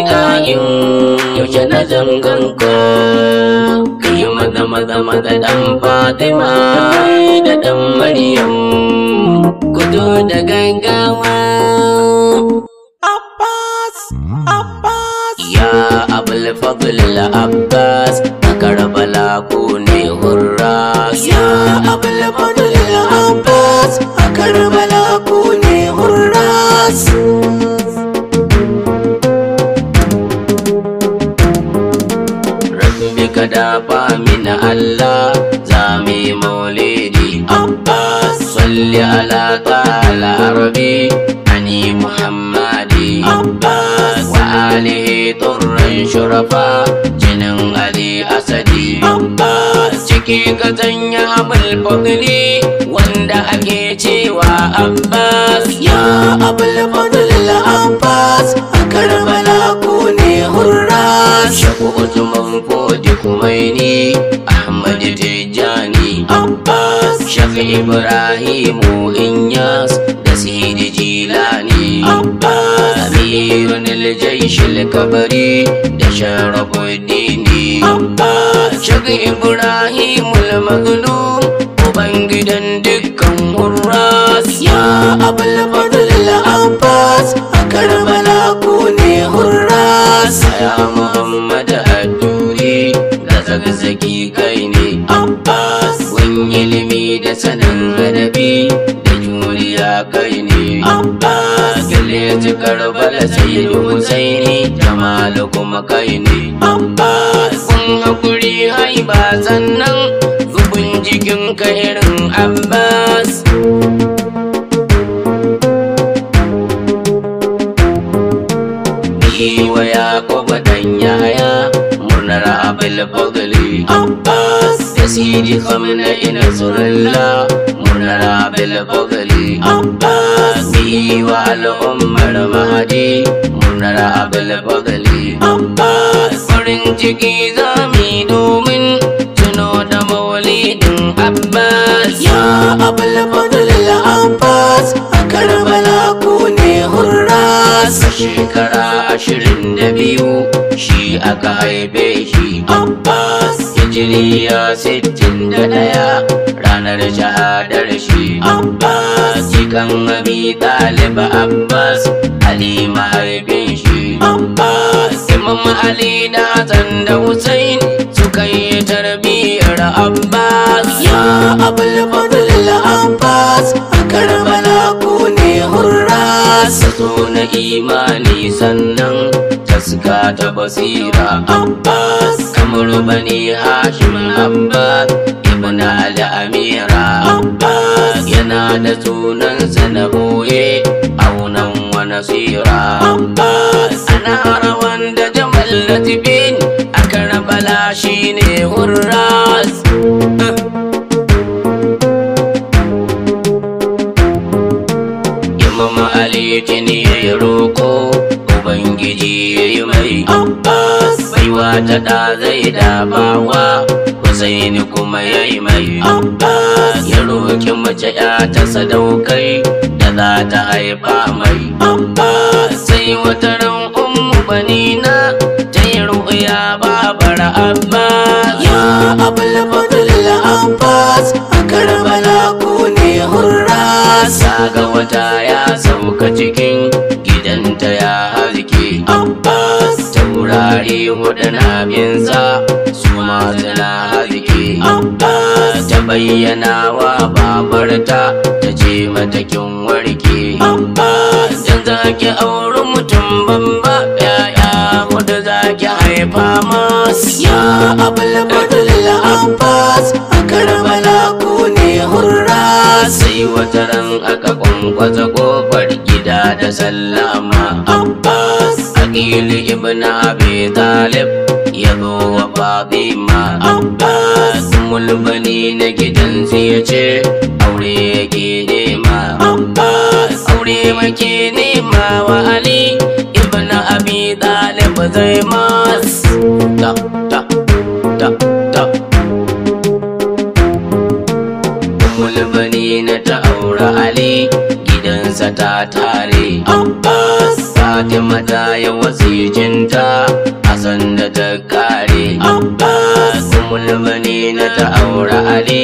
ka'in yaushe na janganka kai maza maza maza dan fatima da dan maryam kudu da gaggawa abbas abbas ya abul fadl abbas Ala Aruɓe ani Muhammadu. A wasu alfahari, alaikacin rancen raba, cikin al'adar a sadi. A wasu cikin gazan ya abar foge wanda ake cewa Ambas. A wasu alfahar babban ciwon daɗi daɗi, a karama lakone wurare. A wasu shafutu mun kodi kumai ne, Ahmadu te Abbas Shekh Ibrahimu Inyas da Sidi Jilani Abbas Amirun Aljaishil Kabari da Sharafuddini Abbas Shekh Ibrahimu Al-Maglum Ubangidan dukkan hurras Ya Abul Fadl Abbas a Karbala ne hurras Ya Muhammad duri da zagzagi makai ne kun hakuri haiba sannan zubin jikin ka irin abbas wa ya kwaba dan yaya murnar abin fagali abbas da siri kamina ina suralla murnar abin fagali abbas wa al'ummar mahadi murnar abin fagali abbas ciki za yi domin tuno da maulidin Abbas. Ya abul fadlil Abbas a Karbala ku ne hurras. Shekara ashirin da biyu shi aka haife shi Abbas. Hijiriya sittin da ɗaya ranar shahadar shi Abbas. Jikan Abi Talib Abbas Halima haife shi Abbas. Imam Ali da Hassan da Hussein suka yi tarbiyyar Abbas ya abul fadl Abbas a Karbala ku ne hurras na imani sannan taska ta basira Abbas kamar bani Hashim Abbas ibn Ali Amira Abbas yana da sunansa na boye aunan wa nasira Abbas ana rawa ratibin a karabala shi ne hurras yamma Ali ya yi roko ubangiji ya mai abbas baiwa ta da zai dabawa husaini kuma ya mai abbas ya mace ya ta sadaukai da za ta haifa mai abbas sai wata ran ummu banina ya babar abbas ya abul fadlil abbas a karbala ku ne hurra saga wata ya sauka cikin gidanta ya harke abbas taurari hudu na binsa su ma tana harke abbas ta bayyana wa babarta ta ce mata kin warke abbas dan zaki auri mutum ya da zaki haifa mas ya abul badul abbas a karbala ku ne hurra sai wata ran aka kwankwasa kofar gida da sallama abbas aqil ibn abi talib zo wa fatima abbas mulbani na gidansu ya ce aure ke nema abbas aure make ne Madina ta aura Ali gidansa ta tare. Abbas Fatima ta yi jinta a sanda ta kare. Abbas Umul Madina ta aura Ali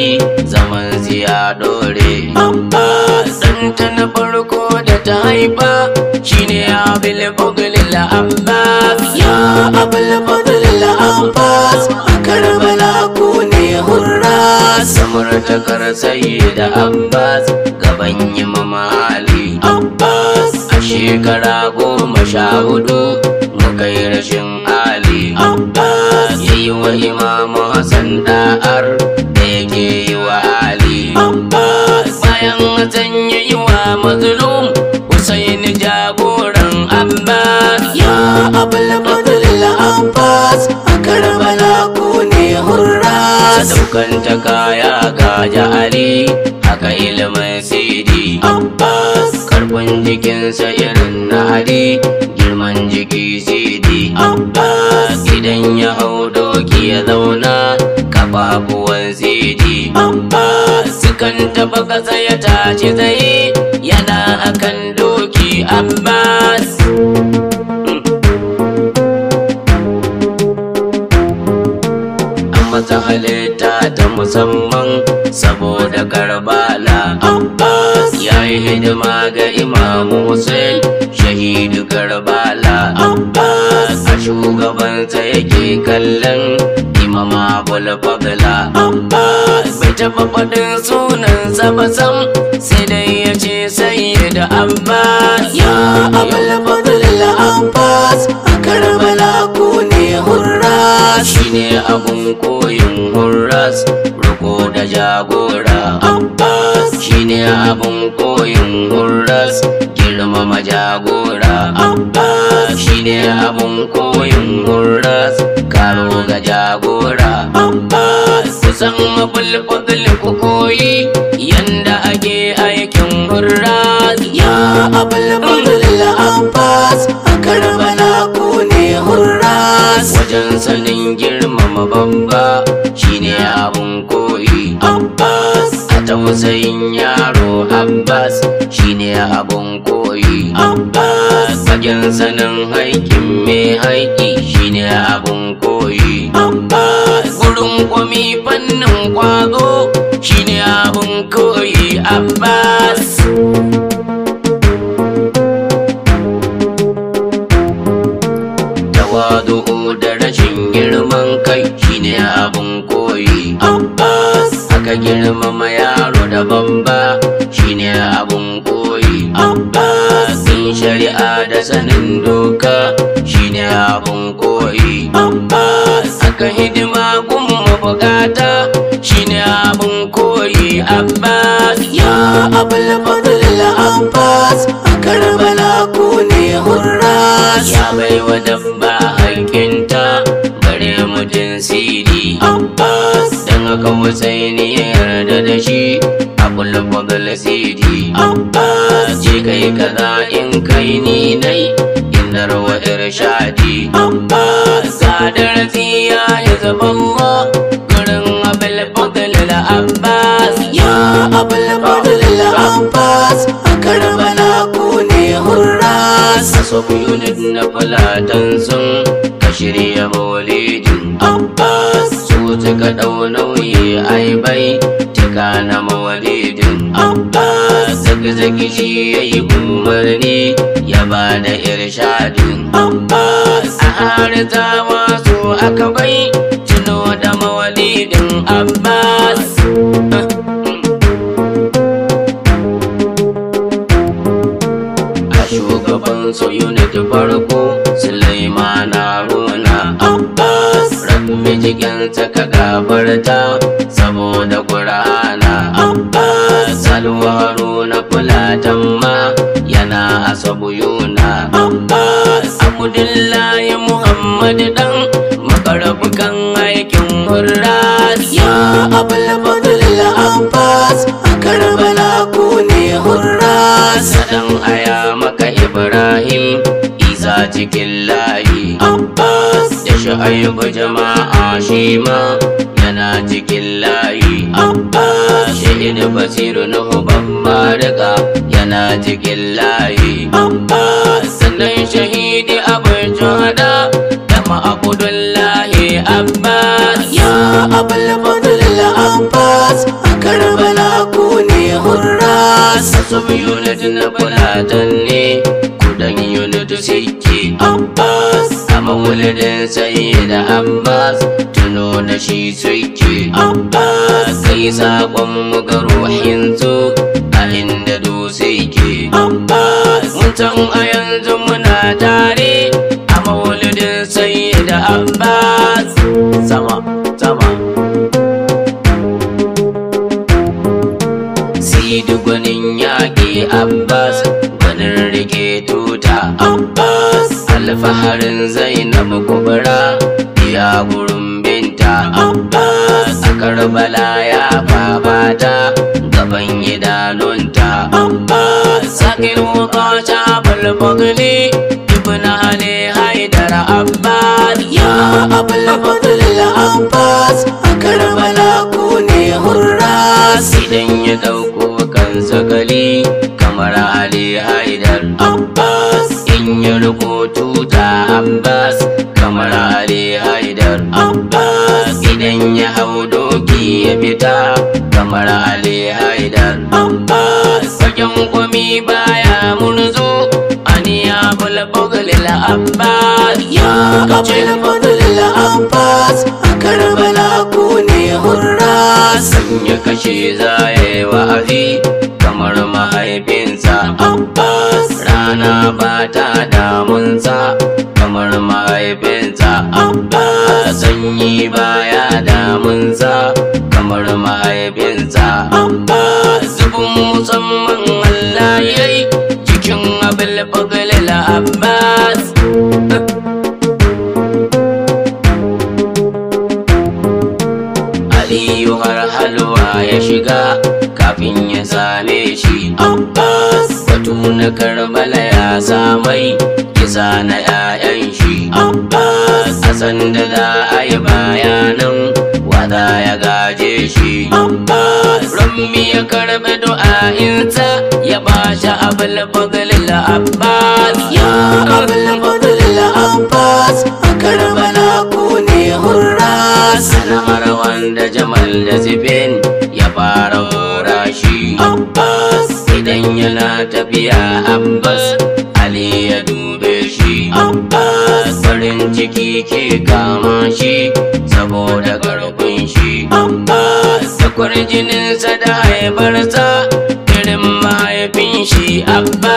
zaman ya dore. Abbas ɗanta na farko da ta haifa shine Abil Bughlil Abbas. Ya Abil Bughlil Abbas a Karbala ku ne hurra. Samar ta kar da Abbas. yi mamali Abbas a shekara goma sha hudu muka yi rashin ali Abbas yi wa imamu Hassan da'ar da yake yi wa ali Abbas bayan Hassan ya yi wa mazlum Hussein jagoran Abbas ya abul fadlil Abbas a Karbala ku ne hurra daukan ta kaya ga ali haka ilimin sidi jikin jikinsa irin na hari Girman jiki sidi abba Idan ya hau doki ya zauna buwan sidi abba Sukan taba kasa ya tashi tsaye wata halitta ta musamman saboda karbala abbas ya yi hidima ga imamu hussein shahidu karbala abbas a shugabansa yake kallon imama abul abbas bai taba faɗin sunan ba sam sai dai ya ce sayyid abbas ya shine abun koyin hurras ruko da jagora abbas shine abun koyin hurras girmama jagora abbas shine abun koyin hurras karo ga jagora abbas kusan mabulbul ku koyi yanda ake aikin hurras ya abul san sanin girmama babba shine abun koyi abbas a tausayin yaro abbas shine abun koyi abbas sanin haikin mai haiki shine abun koyi abbas gurin kwami fannin kwazo shine abun koyi ne abun koyi Abbas aka girmama yaro da babba shine abun koyi Abbas din shari'a da sanin doka shine abun koyi Abbas aka hidima kuma mabukata shine abun koyi Abbas ya abul fadl Abbas Aka ku ne hurras ya baiwa dabba. sidi Abbas Dan haka Husaini ya yarda da shi A kullum fagal sidi Abbas Je kai kaza in kai ni nai Innar wa irshadi Abbas Sadar tiya ya zaba Allah Gurin abul fagal da Abbas Ya abil fagal da Abbas A karbala ku ne hurras Sasu kuyunin na fulatan sun shirya maulidin abbas su tuka nauyi ai bai tika na maulidin abbas zaki shi ya yi umarni ya ba da irshadin abbas a harta masu aka bai tuno da maulidin abbas a shugaban farko Suleimana Ruwa mijikinta ka gabarta saboda ƙur'ana abba salwaru na fulatan ma yana asabu yuna abba abudullahi muhammadu dan makarabukan aikin hurra ya abulbadul abbas a karbala ku ne hurra sadan aya maka ibrahim isa cikin layi ayyub jama'a shi ma yana cikin layi abba shi ina basiru na huban daga yana cikin layi abba sannan shahidi abin jada da ma'abudun layi abbas ya abul abbas a karbala ku ne hurras su biyu na tunabulatan ne kudan unit suke abbas maulidin sayyida abbas tuno da shi suke abbas kai sakon mu ga ruhin a inda dutse ke abbas a yanzu muna tare a maulidin sayyida abbas sama sama sidi gwanin yaƙi abbas gwanin rike tuta alfaharin zainab kubra ya gurin binta abbas a karbala ya ta gaban idanunta abbas sakin wuka ta bulbugli ibn ali haidar abbas ya abul abbas a karbala ku ne hurra idan ya dauko kan sakali kamar ali haidar Umar Ali Haidar Sakin kumi baya murzo Aniya bulbugul al-Abbas Ya kabul budul al-Abbas A Karbala ku ne hurra Sanya kashe zaye wa ahi Kamar mahaifinsa Abbas Rana ba damunsa a sanda za a yi bayanan wata ya gaje shi rummi ya karbi du'a'inta ya ba shi abul fadlil ya a karbala ku ne hurras na marwan da jamal da zibin ya fara hura shi idan yana tafiya abbas ali ya dube shi abbas farin ciki ke kama shi saboda ƙarfin shi sakwar jininsa da sa, irin mahaifin shi abba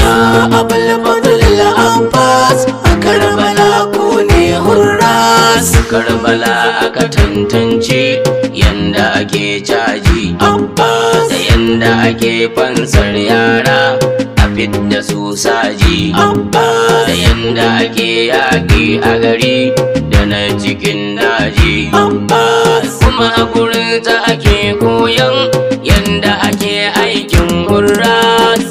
ya abulfadul abbas a karbala ku ne hurras karbala aka tantance yanda ake caji abbas da yanda ake fansar yara a da su saji abbas yaƙi a gari da na cikin daji kuma a gurin ta ake koyon yanda ake aikin gurras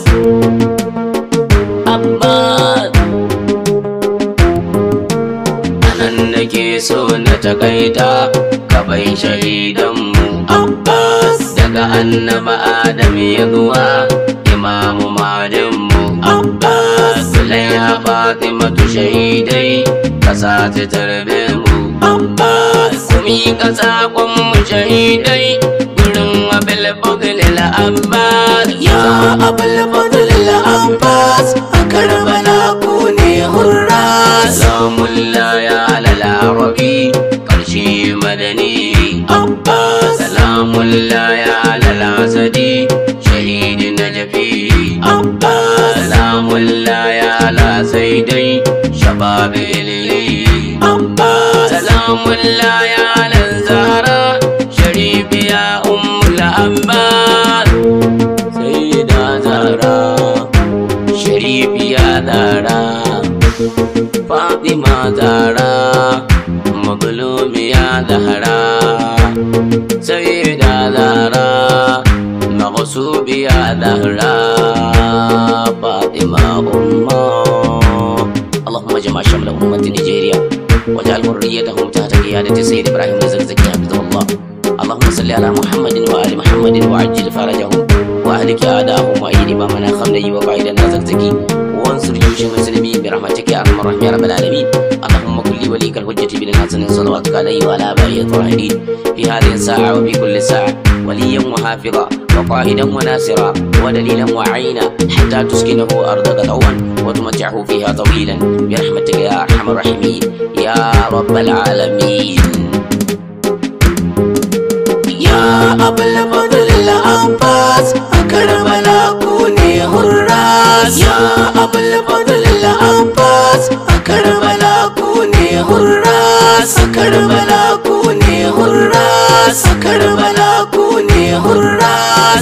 anan nake so na takaita kabai shahidanmu abbas daga annaba adam ya zuwa imamu malinmu abbas sulaiha Fatima tushe ƙasa ta tarbe mu sami ƙasa kwan mu shahidai gurin abel la Abbas. ya abel la Abbas. a karbala ku ne hurra salamulla ya alal arabi ƙarshe madani abbas salamulla ya alal sadi shahidin najafi abbas salamulla ya ala saidai babili salamun layalan zara sharifiya ummul abbas sayyida zara sharifiya zara fatima zara maglumiya zahra sayyida zara maghsubiya zahra fatima umma soja masha Allah hukumar Nigeria wajen al'urriya da hukumta ta kiyar da ta sayi Ibrahim da zarzaki a bizar Allahumma salli ala Muhammadin wa Ali Muhammadin wa ajiyar farajahu. وأهلك أعداءهم وأيد من خلي وقعد الناس تزكي وانصر جيوش المسلمين برحمتك يا أرحم الراحمين رب العالمين اللهم كن لي وليك الحجة بن الحسن صلواتك عليه وعلى آبائه الطاهرين في هذه الساعة وفي كل ساعة وليا وحافظا وقائدا وناصرا ودليلا وعينا حتى تسكنه أرضك طوعا وتمتعه فيها طويلا برحمتك يا أرحم الراحمين يا رب العالمين يا أبا الفضل العباس karmala ku ne hurras ya abul fadl abbas a karmala ku ne hurras a karmala ku ne hurras a karmala ku ne hurras